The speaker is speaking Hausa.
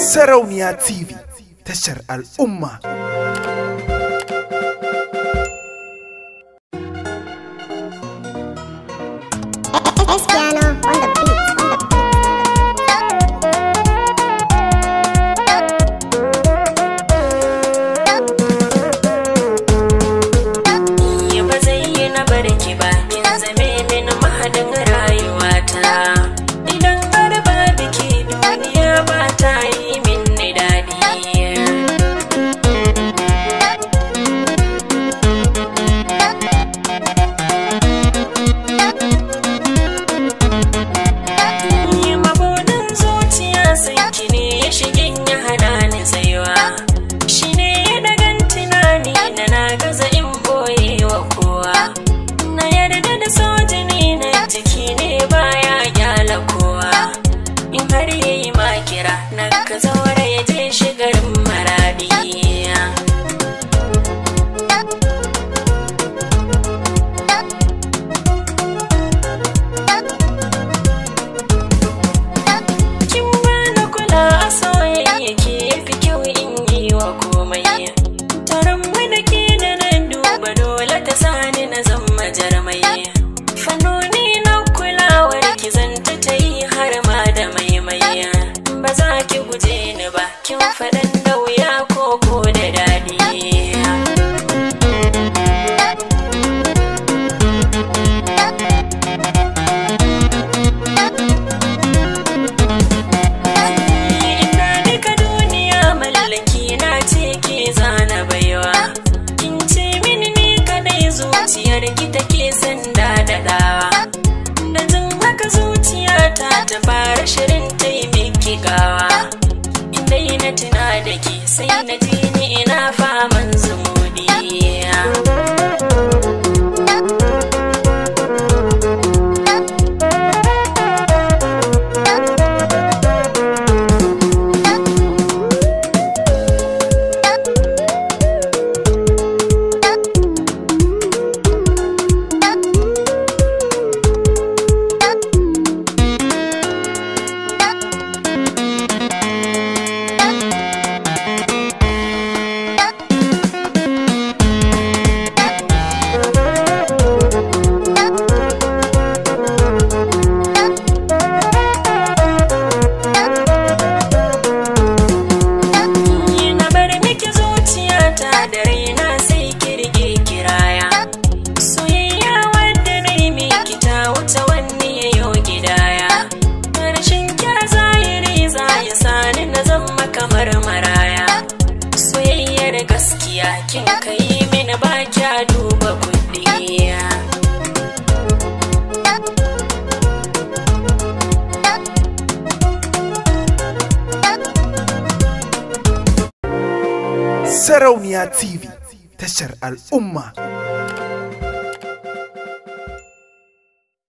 Sarauniya TV tashar al'umma. Espiano Ba zai yi na barki ba, kin zame mini mahadin rayuwa. shi ne ya shigin ya hana ni tsayuwa shi ne ya dagan tunani da na gaza in boye wa kowa na yarda da sojini na jiki ne baya gyala kowa in har yayi makira na ka ba za ki guje ni ba kin faɗa da ke sai na ji ni ina fama duba Sarauniya TV tashar al'umma.